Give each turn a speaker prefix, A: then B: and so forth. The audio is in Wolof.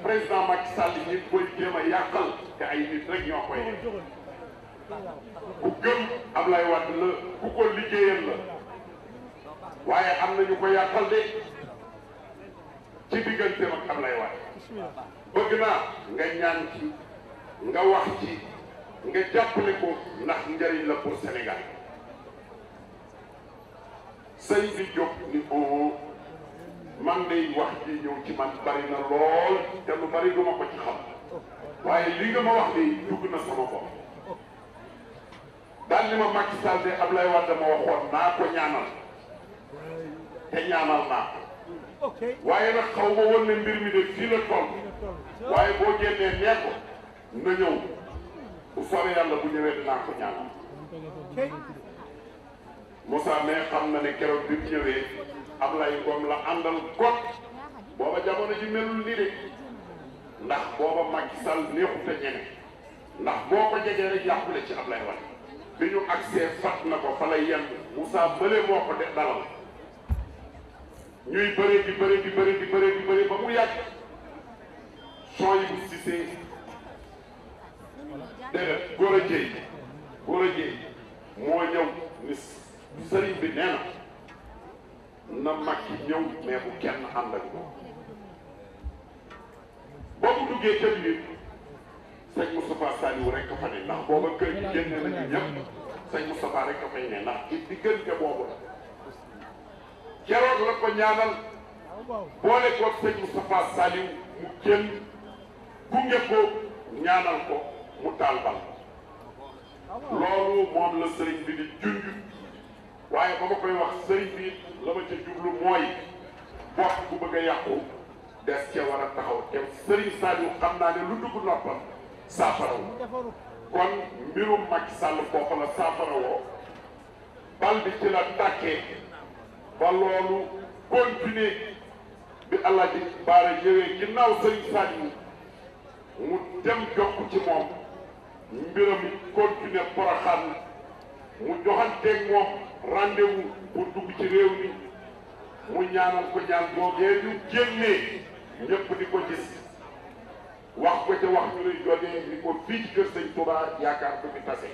A: président Macky Sall ñi koy jéem a te ay nit rek ñoo koy ku gëm Ablaye Wade la ku ko liggéeyal la waaye am na ñu ko yàqal de ci diggante ak Ablaye Wade bëgg naa nga ñaan ci nga wax ci nga jàppale ko ndax njëriñ la pour Sénégal sëñ bi jóg ni oo man day wax di ñëw ci man bari na lool te lu bari duma ko ci xam waaye lii nga ma wax de dugg na sama bopp daal li ma Macky Sall de Ablaye Wade dama waxoon naa ko ñaanal te ñaanal naa waaye nag xaw ma woon ne mbir mi de fii la toll waaye boo génnee nee na ñëw bu soobee yàlla bu ñëwee dinaa ko ñaanal Moussa mais xam na ne keroog bi mu ñëwee Ablaye Ngom la àndal got booba jamono ji melul nii de ndax booba Macky Sall neexut a ñeme ndax boo ko jegee rek yàqule ci Ablaye Wade bi ñu accès fat na ko fa lay yenn Moussa Mbële moo ko de dalal ñuy bëree di bëree di bëree di bëree ba mu yàgg son yi bu sisee dégg góor a jéy góor a jéy moo ñëw ni sëriñ bi nee na na Macky ñëw mais bu kenn ànd ak moom boo ko duggee ca biir sëñ Moustapha Saliou rek fa ne ndax booba kër gi génne nañu ñëpp sëñ Moustapha rek fay ne ndax ci diggante boobu la keroog la ko ñaanal boole ko sëñ Moustapha Saliou mu génn gunge ko ñaanal ko mu taal bal loolu moom la sëriñ bi di junj. ba ma koy wax sëriñ bi la ma jublu mooy bopp bu bëgg a yàqu des ca war a taxaw te sëriñ Saliou xam naa ne lu dugg noppam saafaraw kon mbirum Macky Sall foofu la saafarawoo bal bi ci la tàkkee ba loolu continuer bi allah ji baara ñëwee ginnaaw sëriñ Saliou mu dem jokk ci moom mbiram continuer poroxaan mu joxanteeg moom rendez-vous pour dugg ci réew mi mu ñaanal ko ñaan boogee ñu génnee ñëpp di ko gis wax ko ca wax ñu lay jotee di ko fii ci kër sëñ Touba yaakaar du ñu tase.